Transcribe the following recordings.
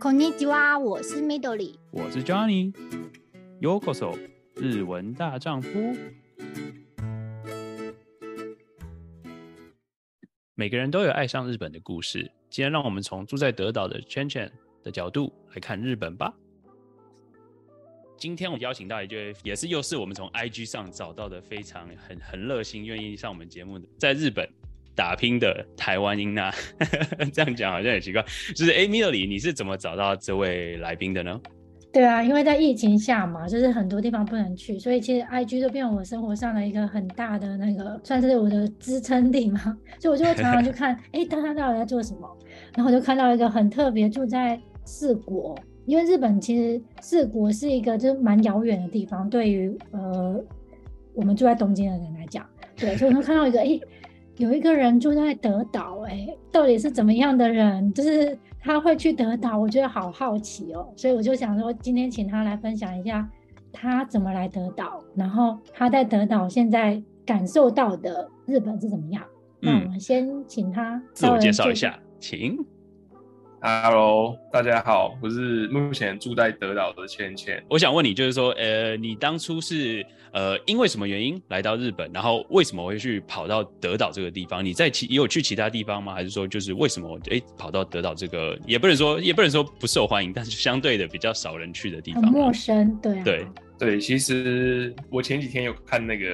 こんにちは，wa, 我是 Midori，我是 Johnny。Yokoso，日文大丈夫。每個人都有愛上日本的故事，今天讓我們從住在德島的 Chen Chen 的角度來看日本吧。今天我邀請到一位，也是又是我們從 IG 上找到的，非常很很熱心、願意上我們節目的，在日本打拼的台灣音吶， 這樣講好像很奇怪。就是哎、欸，米樂里，你是怎麼找到這位來賓的呢？對啊，因為在疫情下嘛，就是很多地方不能去，所以其實 I G 就變我生活上的一個很大的那個，算是我的支撐地嘛。所以我就會常常去看，哎、 欸，大家到底在做什麼？然後我就看到一個很特別，住在四國，因為日本其實四國是一個就是蠻遙遠的地方，對於呃我們住在東京的人來講，對，所以我就看到一個哎。 有一個人住在德島、欸，到底是怎麼樣的人？就是他會去德島，我覺得好好奇哦，所以我就想說，今天請他來分享一下他怎麼來德島，然後他在德島現在感受到的日本是怎麼樣。嗯、那我們先請他自我介紹一下，請。請。Hello，大家好，我是目前住在德島的芊芊。我想問你，就是說，呃、欸，你當初是呃因為什麼原因來到日本？然後為什麼會去跑到德島這個地方？你在其也有去其他地方嗎？還是說就是為什麼哎、欸、跑到德島這個也不能說也不能說不受歡迎，但是相對的比較少人去的地方，陌生，對啊、對。對。對，其實我前幾天有看那個，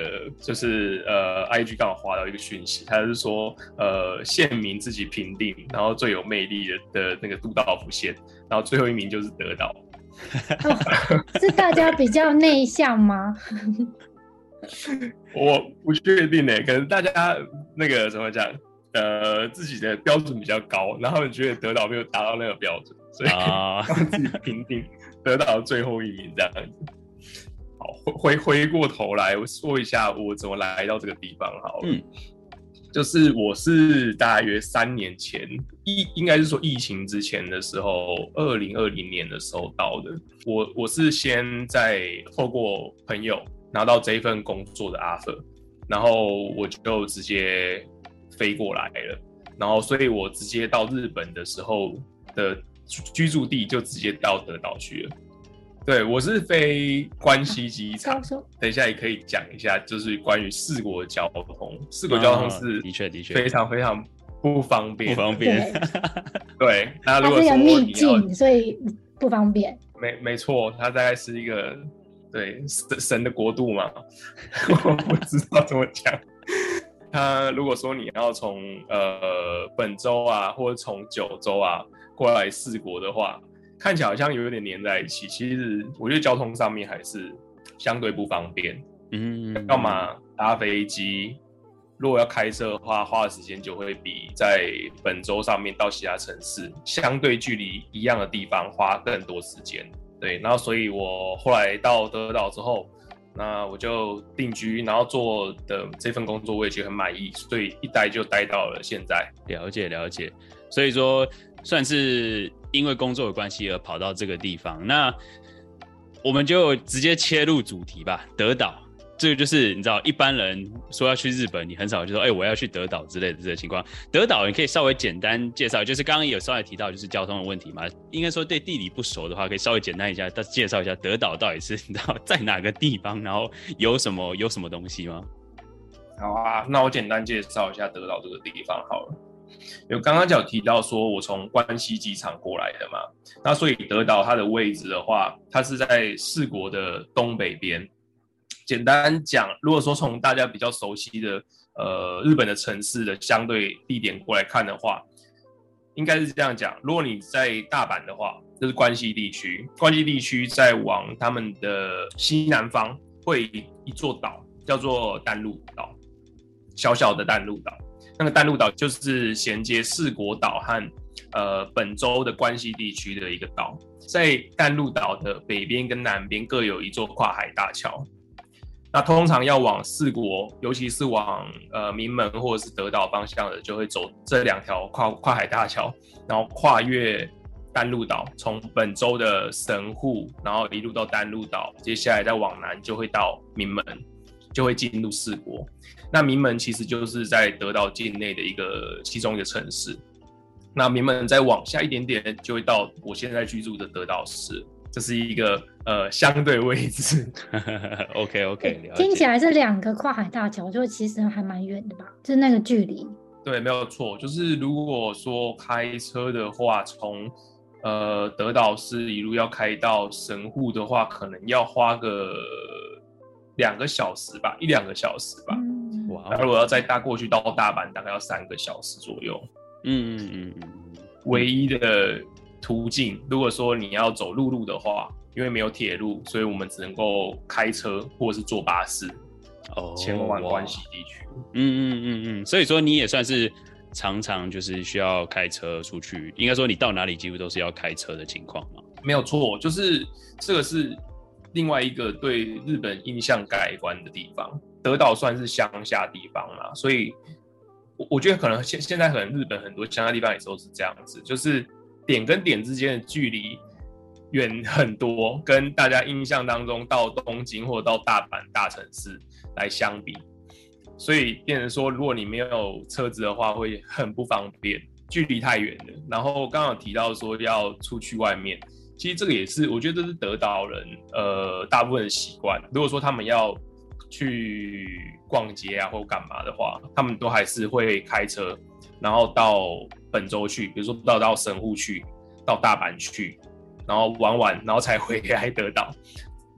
就是呃，IG 剛好劃到一個訊息，他是說呃，縣民自己評定，然後最有魅力的的那個都道府縣，然後最後一名就是德島，哦、是大家比較內向嗎？ 我不確定呢、欸。可能大家那個怎麼講，呃，自己的標準比較高，然後他們覺得德島沒有達到那個標準，所以、oh. 自己評定德島最後一名這樣。回回回過頭來我說一下，我怎麼來到這個地方好？嗯，就是我是大約三年前疫，應該是說疫情之前的時候，二零二零年的時候到的。我我是先在透過朋友拿到這一份工作的 offer，然後我就直接飛過來了，然後所以我直接到日本的時候的居住地就直接到德島去了。對，我是飛關西機場。啊、等一下也可以講一下，就是關於四國交通。四國交通是的確的確非常非常不方便。不方便。對，它如果它有秘境，所以不方便。沒沒錯，它大概是一個對神的國度嘛，我不知道怎麼講。它 如果說你要從呃本州啊，或者從九州啊過來四國的話，看起來好像有有點粘在一起，其實我覺得交通上面還是相對不方便。嗯，嗯，嗯，要幹嘛搭飛機？如果要開車的話，花的時間就會比在本州上面到其他城市相對距離一樣的地方花更多時間。對，然後所以我後來到德島之後，那我就定居，然後做的這份工作我也覺得很滿意，所以一待就待到了現在。了解了解，所以說算是。因為工作的關係而跑到這個地方，那我們就直接切入主題吧。德島，這個就是你知道，一般人說要去日本，你很少就說“哎、欸，我要去德島”之類的這個情況。德島，你可以稍微簡單介紹，就是剛剛有稍微提到就是交通的問題嘛。應該說對地理不熟的話，可以稍微簡單一下，再介紹一下德島到、到底是你知道在哪個地方，然後有什麼有什麼東西嗎？好啊，那我簡單介紹一下德島這個地方好了。有剛剛就有提到說我從關西機場過來的嘛，那所以德島它的位置的話，它是在四國的東北邊。簡單講，如果說從大家比較熟悉的呃日本的城市的相對地點過來看的話，應該是這樣講。如果你在大阪的話，這、就是關西地區，關西地區再往他們的西南方會一座島叫做淡路島，小小的淡路島。那個淡路島就是銜接四國島和呃本州的關西地區的一個島，在淡路島的北邊跟南邊各有一座跨海大橋。那通常要往四國，尤其是往呃鳴門或者是德島方向的，就會走這兩條跨跨海大橋，然後跨越淡路島，從本州的神戶，然後一路到淡路島，接下來再往南就會到鳴門。就會進入四國，那鳴門其實就是在德島境內的一個其中一個城市，那鳴門再往下一點點就會到我現在居住的德島市，這是一個呃相對位置。 OK OK，欸、了解。聽起來是兩個跨海大橋，就其實還蠻遠的吧？就那個距離？對，沒有錯，就是如果說開車的話，從呃德島市一路要開到神戶的話，可能要花個。兩個小時吧，一兩個小時吧。Wow. 然後我要再搭過去到大阪，大概要三個小時左右。嗯嗯嗯。唯一的途徑，嗯、如果說你要走陸路，路的話，因為沒有鐵路，所以我們只能夠開車或是坐巴士。哦。前往關西地區。嗯嗯嗯嗯。所以說你也算是常常就是需要開車出去，應該說你到哪裡幾乎都是要開車的情況嘛？沒有錯，就是這個是。另外一個對日本印象改觀的地方，德島算是鄉下地方啦，所以我我覺得可能現現在可能日本很多鄉下地方也都是這樣子，就是點跟點之間的距離遠很多，跟大家印象當中到東京或者到大阪大城市來相比，所以變成說，如果你沒有車子的話，會很不方便，距離太遠了。然後剛剛有提到說要出去外面。其實這個也是，我覺得這是德島人，呃，大部分的習慣。如果說他們要去逛街啊，或幹嘛的話，他們都還是會開車，然後到本州去，比如說到到神戶去，到大阪去，然後玩玩，然後才回來德島。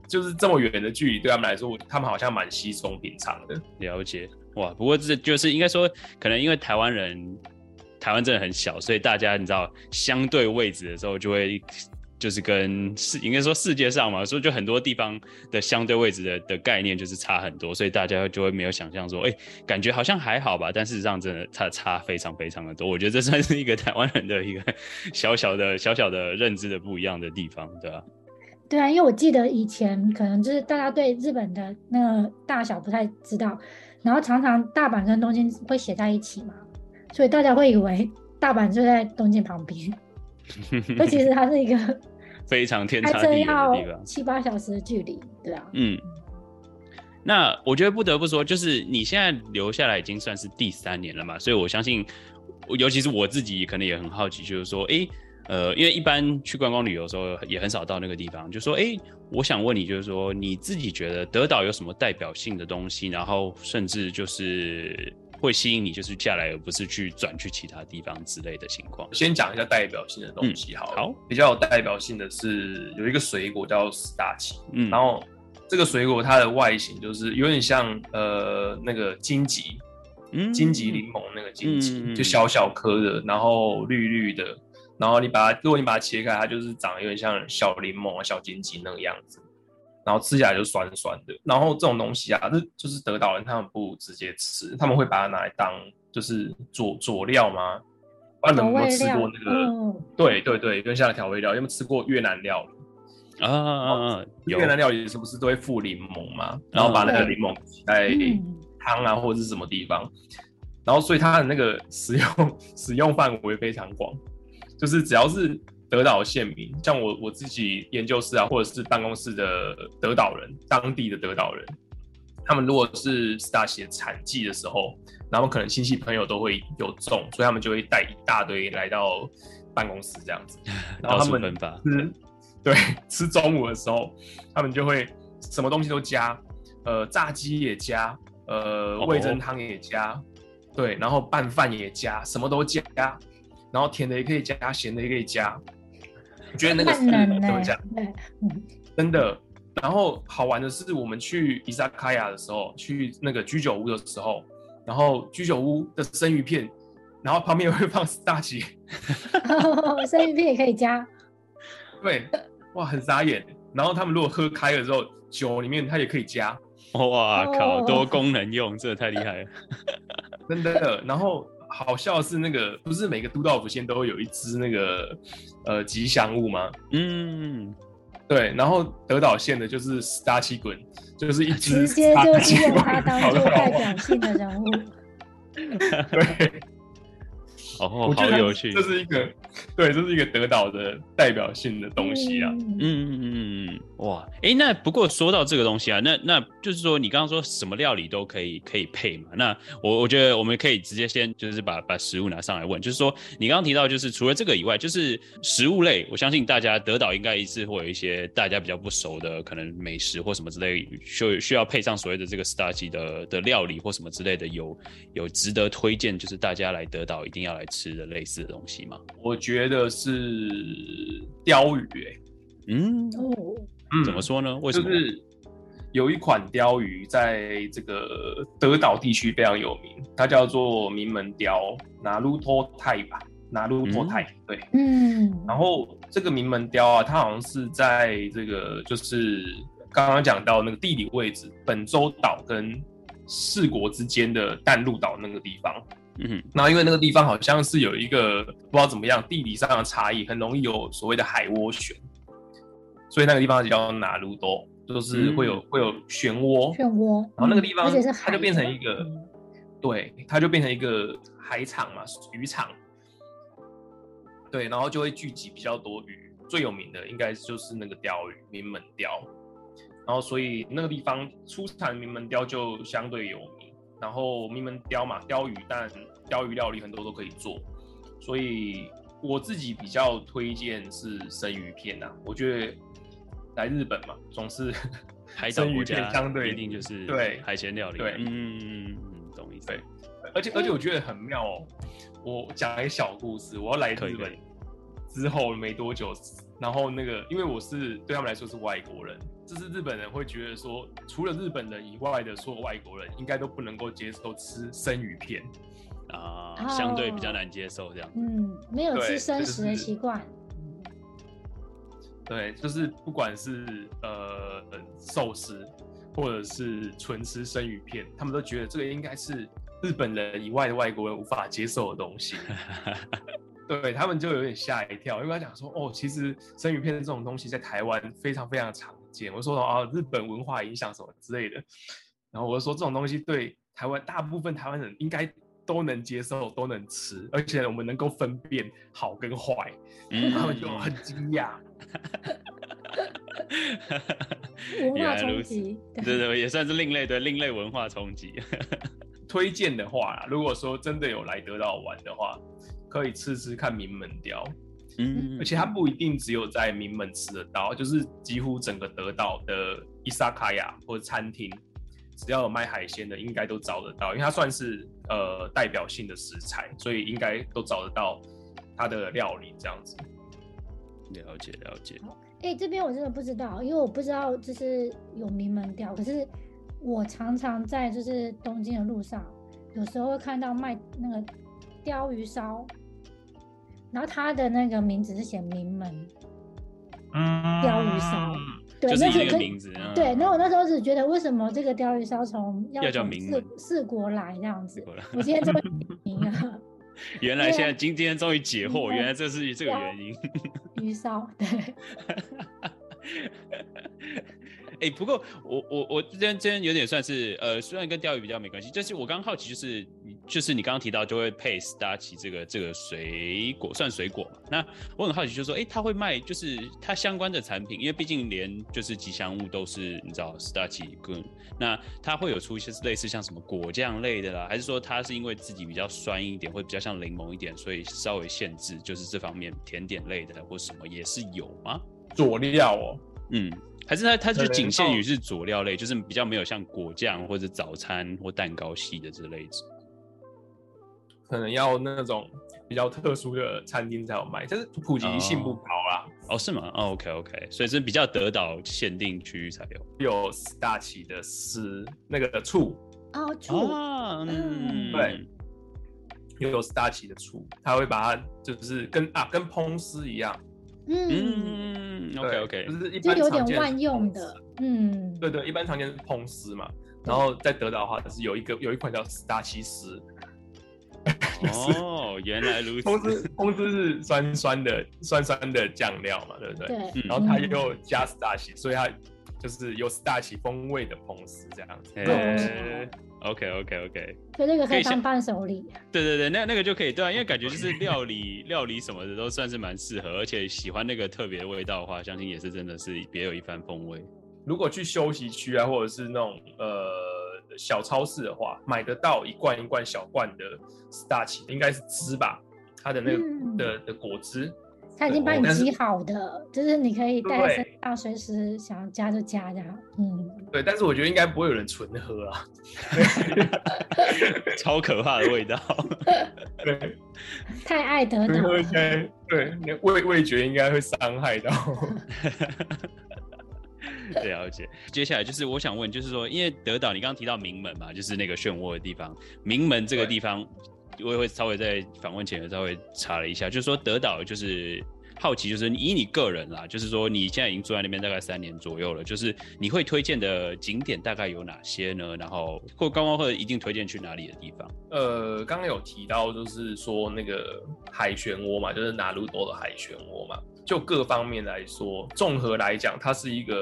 就是這麼遠的距離，對他們來說，他們好像蠻稀鬆平常的。了解。哇，不過這就是應該說，可能因為台灣人，台灣真的很小，所以大家你知道相對位置的時候就會。就是跟世應該說世界上嘛，所以就很多地方的相對位置的的概念就是差很多，所以大家就會沒有想象說，哎、欸，感覺好像還好吧，但事實上真的差差非常非常的多。我覺得這算是一個台灣人的一個小小的小小的，小小的認知的不一樣的地方，對吧、啊？對啊，因為我記得以前可能就是大家對日本的那個大小不太知道，然後常常大阪跟東京會寫在一起嘛，所以大家會以為大阪就在東京旁邊。那 其實它是一個非常天差地別的地方，七八小時的距離，對啊。嗯，那我覺得不得不說，就是你現在留下來已經算是第三年了嘛，所以我相信，尤其是我自己可能也很好奇，就是說，哎、欸，呃，因為一般去觀光旅遊的時候也很少到那個地方，就說，哎、欸，我想問你，就是說，你自己覺得德島有什麼代表性的東西，然後甚至就是。會吸引你就是下來，而不是去轉去其他地方之類的情況。先講一下代表性的東西好、嗯，好，好，比較有代表性的是有一個水果叫斯達奇，嗯，然後這個水果它的外形就是有點像呃那個金桔，嗯，金桔檸檬那個金桔，嗯、就小小顆的，然後綠綠的，然後你把它，如果你把它切開，它就是長得有點像小檸檬、小金桔那個樣子。然後吃起來就酸酸的，然後這種東西啊，就是德島人他們不直接吃，他們會把它拿來當就是佐佐料嘛。啊，有沒有吃過那個？嗯、對對對，對，對，跟的調味料，有沒有吃過越南料？啊啊啊！後有越南料也是不是都會附檸檬嘛？然後把那個檸檬在湯啊、哦、湯啊或者是什麼地方，嗯、然後所以它的那個使用使用範圍非常廣，就是只要是。德島縣民，像我我自己研究室啊，或者是辦公室的德島人，當地的德島人，他們如果是大寫產季的時候，然後可能親戚朋友都會有種，所以他們就會帶一大堆來到辦公室這樣子，然後他們嗯 對，吃中午的時候，他們就會什麼東西都加，呃，炸雞也加，呃，味噌湯也加，哦、對，然後拌飯也加，什麼都加，然後甜的也可以加，鹹的也可以加。你覺得那個魚怎麼講？欸、真的。然後好玩的是，我們去伊薩卡亞的時候，去那個居酒屋的時候，然後居酒屋的生魚片，然後旁邊會放大棘、哦。生魚片也可以加。 對，哇，很傻眼。然後他們如果喝開了之後，酒裡面他也可以加。哇靠，多功能用，哦、這個太厲害了，真的。然後。好笑是那個，不是每個都道府縣都會有一只那個呃吉祥物嗎？嗯，對。然後德島縣的就是 Sudachi 君，就是一只 Sudachi 君，直接就是用它當做代表性的人物。對，然後，好，好，好有趣，這是一個。對，這是一個德島的代表性的東西啊。嗯嗯嗯嗯，哇，哎、欸，那不過說到這個東西啊，那那就是說你剛剛說什麼料理都可以可以配嘛？那我我覺得我們可以直接先就是把把食物拿上來問，就是說你剛剛提到就是除了這個以外，就是食物類，我相信大家德島應該也是會有一些大家比較不熟的可能美食或什麼之類，需要需要配上所謂的這個すだち的的料理或什麼之類的有，有有值得推薦，就是大家來德島一定要來吃的類似的東西嗎？我。覺得是鯛魚誒、欸，嗯，嗯怎麼說呢？為什麼？就是有一款鯛魚在這個德島地區非常有名，它叫做名門鯛，拿魯托太吧，拿魯托太，ai, 嗯、對，嗯。然後這個名門鯛啊，它好像是在這個，就是剛剛講到那個地理位置，本州島跟四國之間的淡路島那個地方。嗯，那因為那個地方好像是有一個不知道怎麼樣地理上的差異，很容易有所謂的海渦旋，所以那個地方叫拿路多，就是會有、嗯、會有漩渦，漩渦渦，然後那個地方、嗯、而且是它就變成一個，對，它就變成一個海場嘛，漁場，對，然後就會聚集比較多魚，最有名的應該就是那個鯛魚，鳴門鯛。然後所以那個地方出產鳴門鯛就相對有。然後鳴門鯛嘛，鯛魚蛋、鯛魚料理很多都可以做，所以我自己比較推薦是生魚片啊，我覺得來日本嘛，總是海產相對一定 就是對海鮮料理，對，對，嗯嗯嗯，懂意思對。而且而且我覺得很妙哦，我講一個小故事，我要來日本之後沒多久，然後那個，因為我是對他們來說是外國人，就是日本人會覺得說，除了日本人以外的所有外國人應該都不能夠接受吃生魚片，啊、呃，後相對比較難接受這樣。嗯，沒有吃生食的習慣。對，就是不管是呃壽司，或者是純吃生魚片，他們都覺得這個應該是日本人以外的外國人無法接受的東西。 對，他們就有點嚇一跳，因為他講說哦，其實生魚片這種東西在台灣非常非常常見。我說啊，日本文化影響什麼之類的。然後我就說這種東西對台灣大部分台灣人應該都能接受，都能吃，而且我們能夠分辨好跟壞。哦、嗯，他們就很驚訝。對對，對對，也算是另類的另類文化衝擊。 推薦的話，如果說真的有來德島玩的話。可以吃吃看鳴門鯛，嗯，而且它不一定只有在鳴門吃得到，就是幾乎整個德島的伊薩卡亞或者餐廳，只要有賣海鮮的，應該都找得到，因為它算是呃代表性的食材，所以應該都找得到它的料理這樣子。了解了解。誒、欸，這邊我真的不知道，因為我不知道就是有鳴門鯛。可是我常常在就是東京的路上，有時候會看到賣那個。鯛魚燒，然後他的那個名字是寫鳴門，嗯，鯛魚燒，對，就是這個名字，對，那我那時候只覺得為什麼這個鯛魚燒從要，要叫鳴門四國來這樣子，我今天這麼明啊。原來現在今今天終於解惑，為原來這是這個原因，鯛魚燒對。 哎、欸，不過我我我這邊這邊有點算是呃，雖然跟釣魚比較沒關係，但是我剛好奇，就是你就是你剛剛提到就會配 Starchy 這個這個水果算水果嘛？那我很好奇就是說，哎、欸，他會賣就是他相關的產品，因為畢竟連就是吉祥物都是你知道 Starchy 跟那他會有出一些類似像什麼果醬類的啦，還是說他是因為自己比較酸一點，會比較像檸檬一點，所以稍微限制就是這方面甜點類的或什麼也是有嗎？佐料哦，嗯。還是它，它就僅限於是佐料類，就是比較沒有像果醬或者早餐或蛋糕系的這類子，可能要那種比較特殊的餐廳才有賣，就是普及性不高啦、啊。哦，oh. oh, 是嗎？哦、oh,，OK OK，所以是比較德島限定區域才有。有 sudachi 的絲，那個醋哦，醋，oh, true. oh. 嗯，對，有 sudachi 的醋，他會把它就是跟啊跟烹絲一樣，嗯。嗯對 OK o okay . k 就是一般常見的，有點萬用的，嗯，對對，一般常見是烹絲嘛，嗯、然後在德島的話，它，就是有一個有一款叫 Star 西司，哦， 就是，原來如此，烹絲烹絲是酸酸的酸酸的醬料嘛，對不對？對。嗯、然後它又加 Star 西，所以它就是有 Star 西風味的烹絲這樣子。嗯 OK OK OK，就那個、啊、可以當伴手禮。對對對，那那個就可以對，啊，因為感覺就是料理、 料理什麼的都算是蠻適合，而且喜歡那個特別的味道的話，相信也是真的是別有一番風味。如果去休息區啊，或者是那種呃小超市的話，買得到一罐一罐小罐的大奇，應該是汁吧，它的那個嗯、的的果汁。他已經幫你擠好的，嗯、是就是你可以帶在身上，隨時想要加就加就好。對嗯，對，但是我覺得應該不會有人純喝啊， 超可怕的味道。對，太愛德島。對，味味覺應該會傷害到。對啊， 二接下來就是我想問，就是說，因為德島，你剛剛提到鳴門嘛，就是那個漩渦的地方，鳴門這個地方。我也會稍微在訪問前稍微查了一下，就是說德島，就是好奇，就是以你個人啦，就是說你現在已經住在那邊大概三年左右了，就是你會推薦的景點大概有哪些呢？然後或者觀光客一定推薦去哪裡的地方？呃，剛剛有提到就是說那個海漩渦嘛，就是鳴門的海漩渦嘛，就各方面來說，綜合來講，它是一個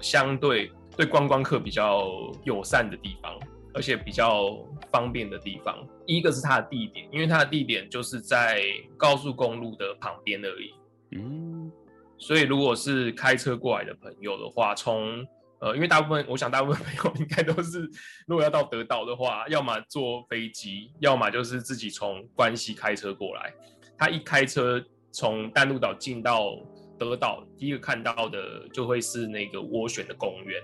相對對觀光客比較友善的地方。而且比較方便的地方，一個是它的地點，因為它的地點就是在高速公路的旁邊而已。嗯，所以如果是開車過來的朋友的話，從呃，因為大部分，我想大部分朋友應該都是，如果要到德島的話，要麼坐飛機，要麼就是自己從關西開車過來。他一開車從淡路島進到德島，第一個看到的就會是那個渦旋的公園。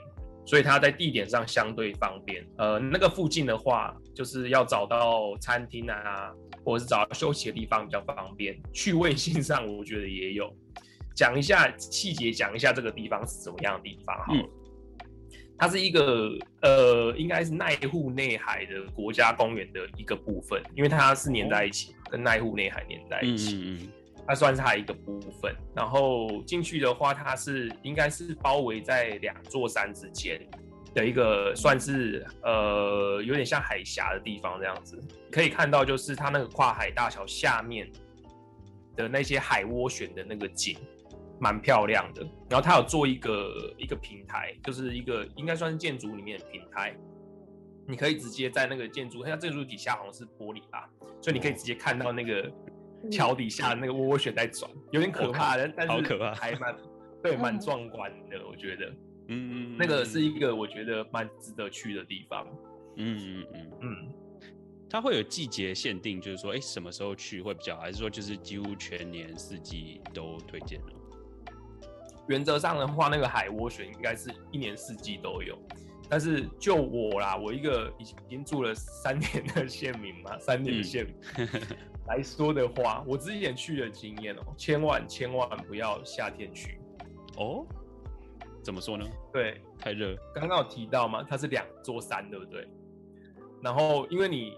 所以它在地點上相對方便，呃，那個附近的話，就是要找到餐廳啊，或者是找到休息的地方比較方便。趣味性上，我覺得也有。講一下細節，講一下這個地方是什麼樣的地方哈。嗯。它是一個呃，應該是瀨戶內海的國家公園的一個部分，因為它是連在一起，哦。跟瀨戶內海連在一起。嗯嗯嗯它算是它一個部分，然後進去的話，它是應該是包圍在兩座山之間的一個，算是呃有點像海峽的地方這樣子。可以看到，就是它那個跨海大橋下面的那些海渦旋的那個景，蠻漂亮的。然後它有做一個一個平台，就是一個應該算是建築裡面的平台，你可以直接在那個建築，它建築底下好像是玻璃吧，所以你可以直接看到那個。嗯橋底下那個渦渦旋在轉，有點可怕，但好可怕，還蠻對，蠻壯觀的。我覺得，嗯嗯，嗯嗯那個是一個我覺得蠻值得去的地方。嗯嗯嗯嗯，它、嗯嗯嗯、會有季節限定，就是說，哎、欸，什麼時候去會比較好，還是說就是幾乎全年四季都推薦呢？原則上的話，那個海渦旋應該是一年四季都有，但是就我啦，我一個已經住了三年的縣民嘛，三年的縣民。嗯 來說的話，我之前去的經驗哦，千萬千萬不要夏天去哦。怎麼說呢？對，太熱。剛剛有提到嘛，它是兩座山，對不對？然後因為你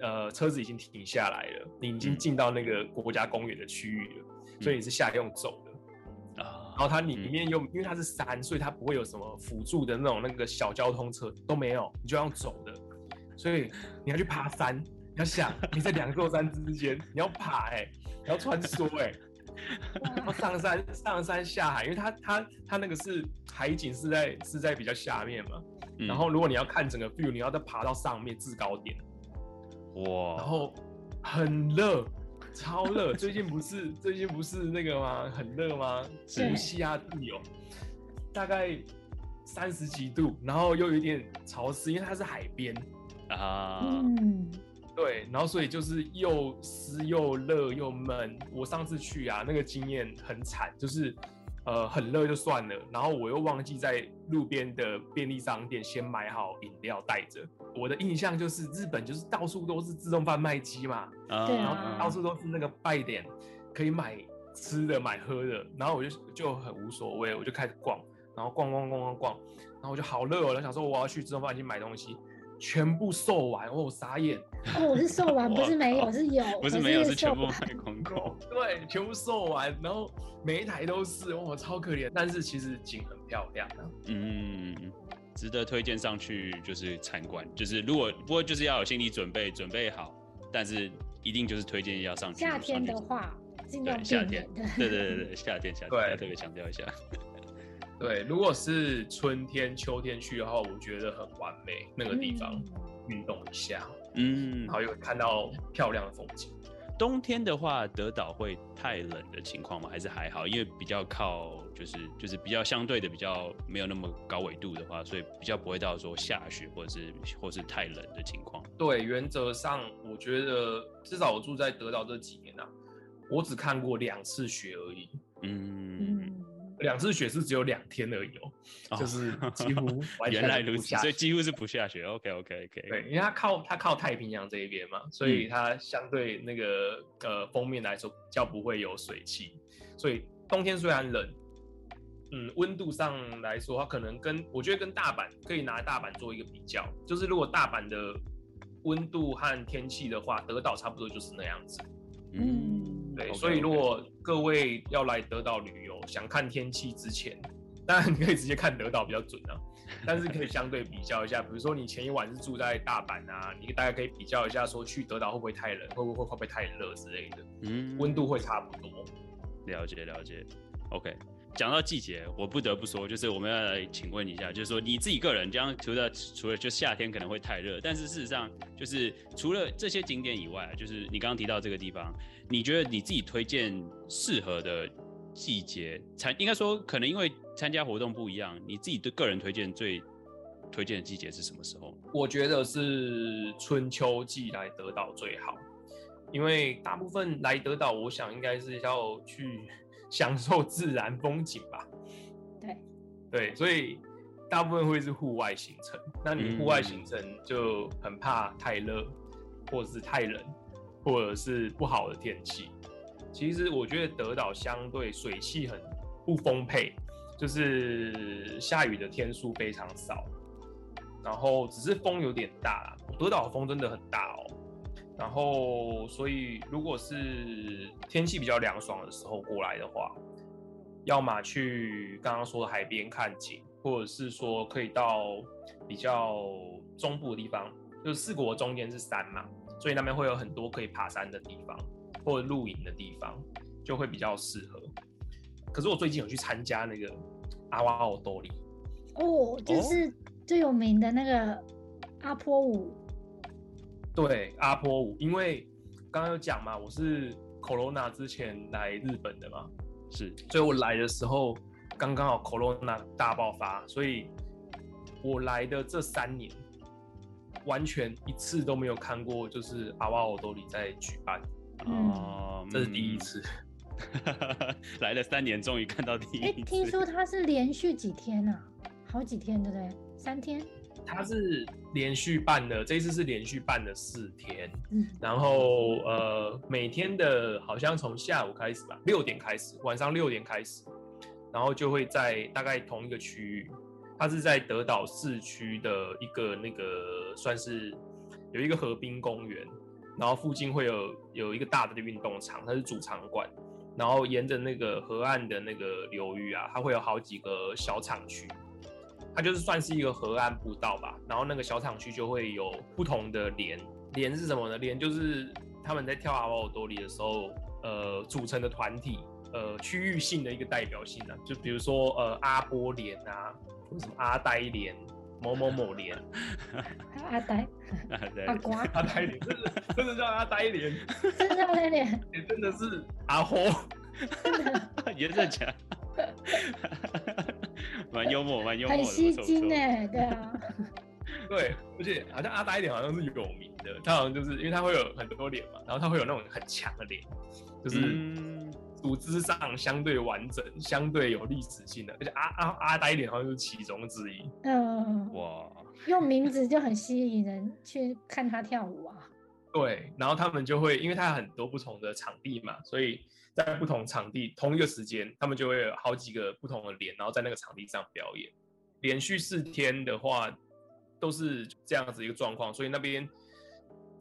呃車子已經停下來了，你已經進到那個國家公園的區域了，嗯、所以你是夏天用走的啊。嗯、然後它裡面又因為它是山，所以它不會有什麼輔助的那種，那個小交通車都沒有，你就要走的，所以你要去爬山。你要想， 你在兩座山之間，你要爬哎、欸， 你要穿梭哎、欸，然後 上山上山下海，因為它它它那個是海景是在是在比較下面嘛，嗯、然後如果你要看整個 view，你要再爬到上面制高點，哇，然後很熱，超熱，最近不是 最近不是那個嗎？很熱嗎？是無夏地哦，大概三十幾度，然後又有點潮濕，因為它是海邊啊，嗯對，然後所以就是又濕又熱又悶。我上次去啊，那個經驗很慘，就是，呃，很熱就算了，然後我又忘記在路邊的便利商店先買好飲料帶着。我的印象就是日本就是到處都是自動販賣機嘛，啊嗎。然後到處都是那個賣點，可以買吃的買喝的。然後我就就很無所謂，我就開始逛，然後逛逛逛逛逛，然後我就好熱哦，然後想說我要去自動販賣機買東西。全部售完，我、哦、傻眼。哦，我是售完，不是沒有，靠是有。不是沒有是，是全部賣廣告。對，全部售完，然後每一台都是，哦，超可憐。但是其實景很漂亮、啊。嗯嗯，值得推薦上去就是參觀，就是如果不過就是要有心理準備，準備好。但是一定就是推薦要上去。夏天的話盡量避免，對夏天對對對對，夏天夏天要對特別強調一下。對，如果是春天、秋天去的話，我覺得很完美。那個地方運動一下，嗯，然後又看到漂亮的風景。嗯、冬天的話，德島會太冷的情況嗎？還是還好？因為比較靠，就是就是比較相對的，比較沒有那麼高緯度的話，所以比較不會到說下雪或者是或是太冷的情況。對，原則上，我覺得至少我住在德島這幾年吶、啊，我只看過兩次雪而已。嗯。嗯兩次雪是只有兩天而已，哦、就是幾乎完全是不下雪。原來如此，所以幾乎是不下雪。OK OK OK。對，因為它靠它靠太平洋這一邊嘛，所以它相對那個、嗯、呃封面來說，較不會有水汽，所以冬天雖然冷，嗯，溫度上來說，可能跟我覺得跟大阪可以拿大阪做一個比較，就是如果大阪的溫度和天氣的話，德島差不多就是那樣子。嗯。對，okay, 所以如果各位要來德島旅遊，嗯、想看天氣之前，當然你可以直接看德島比較準啊。但是可以相對比較一下， 比如說你前一晚是住在大阪啊，你大概可以比較一下，說去德島會不會太冷，會不會會不會太熱之類的。嗯，溫度會差不多。了解了解。OK，講到季節，我不得不說，就是我們要來請問一下，就是說你自己個人，這樣除了除了就夏天可能會太熱，但是事實上就是除了這些景點以外，就是你剛剛提到這個地方。你覺得你自己推薦適合的季節參，應該說可能因為參加活動不一樣，你自己對個人推薦最推薦的季節是什麼時候？我覺得是春秋季來德島最好，因為大部分來德島，我想應該是要去享受自然風景吧。對對，所以大部分會是戶外行程。那你戶外行程就很怕太熱、嗯、或是太冷。或者是不好的天氣，其實我覺得德島相對水汽很不豐沛，就是下雨的天數非常少，然後只是風有點大，德島風真的很大哦。然後所以如果是天氣比較涼爽的時候過來的話，要麼去剛剛說的海邊看景，或者是說可以到比較中部的地方，就是四國中間是山嘛。所以那邊會有很多可以爬山的地方，或者露營的地方，就會比較適合。可是我最近有去參加那個阿瓦奧多里，哦，就是最有名的那個阿波舞。哦、對，阿波舞，因為剛剛有講嘛，我是 Corona 之前來日本的嘛，是，所以我來的時候剛剛好 Corona 大爆發，所以我來的這三年。完全一次都沒有看過，就是阿瓦奧多里在舉辦，哦、嗯，這是第一次， 來了三年終於看到第一次。哎、欸，聽說他是連續幾天啊？好幾天對不對？三天？他是連續辦的，這次是連續辦了四天，嗯、然後呃，每天的好像從下午開始吧，六點開始，晚上六點開始，然後就會在大概同一個區域。它是在德島市區的一個那個算是有一個河濱公園，然後附近會有有一個大的運動場，它是主場館，然後沿着那個河岸的那個流域啊，它會有好幾個小場區，它就是算是一個河岸步道吧，然後那個小場區就會有不同的連，連是什麼呢？連就是他們在跳阿波踊り的時候，呃，組成的團體。呃，區域性的一個代表性啊，就比如說呃，阿波連啊，什麼阿呆連，某某某連，阿呆、啊， 啊、阿瓜，阿呆連，真的 真的叫阿呆連，真 的阿呆連，你、欸、真的是阿霍，真 的 也這樣假，蠻 幽默，蠻幽默很吸睛哎， 對啊，對，而且好像阿呆連好像是有名的，他好像就是因為他會有很多連嘛，然後他會有那種很強的連，就是。嗯組織上相對完整、相對有歷史性的，而且阿阿阿呆連好像是其中之一。嗯、呃，哇，用名字就很吸引人去看他跳舞啊。對，然後他們就會，因為他有很多不同的場地嘛，所以在不同場地同一個時間，他們就會有好幾個不同的連，然後在那個場地上表演。連續四天的話，都是這樣子一個狀況，所以那邊。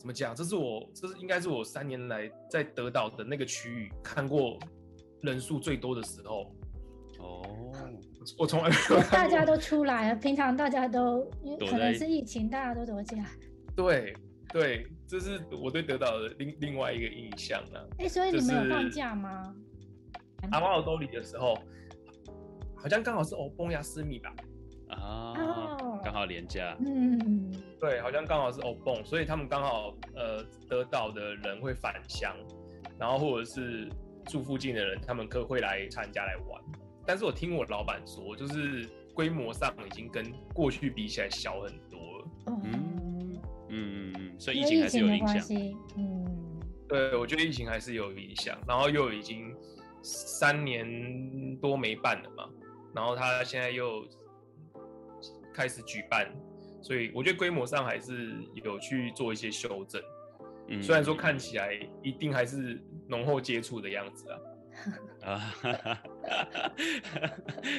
怎麼講？這是我，這是應該是我三年來在德島的那個區域看過人數最多的時候。哦，我從來沒有，大家都出來了，平常大家都因為可能是疫情，在大家都躲起來。對對，這是我對德島的另另外一個印象了、啊。哎、欸，所以你們有放假嗎？就是，道阿媽我兜裡的時候，好像剛好是歐崩牙斯密吧？啊。啊剛好連假，嗯，對，好像剛好是 Obon，所以他們剛好呃得到的人會返鄉，然後或者是住附近的人，他們可會來參加來玩。但是我聽我老板說，就是規模上已經跟過去比起來小很多了。哦，嗯嗯嗯，所以疫情還是有影響。嗯，對，我覺得疫情還是有影響，然後又已經三年多沒辦了嘛，然後他現在又。開始舉辦，所以我覺得規模上還是有去做一些修正。嗯、雖然說看起來一定還是濃厚接觸的樣子啊。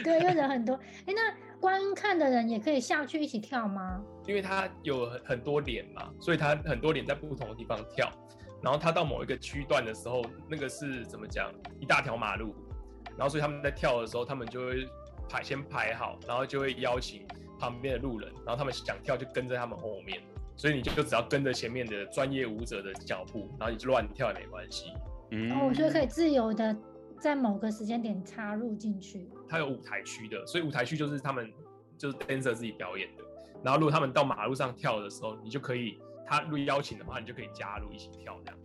對，因為對，人很多。哎、欸，那觀看的人也可以下去一起跳嗎？因為他有很很多臉嘛，所以他很多臉在不同的地方跳。然後他到某一個區段的時候，那個是怎麼講？一大條馬路。然後所以他們在跳的時候，他們就會排，先排好，然後就會邀請。旁邊的路人，然後他們想跳就跟在他們後面，所以你就就只要跟着前面的專業舞者的腳步，然後你就亂跳也沒關係。嗯、哦，我覺得可以自由的在某個時間點插入進去、嗯。他有舞台區的，所以舞台區就是他們就是 dancer 自己表演的。然後如果他們到馬路上跳的時候，你就可以，他如果邀請的話，你就可以加入一起跳這樣。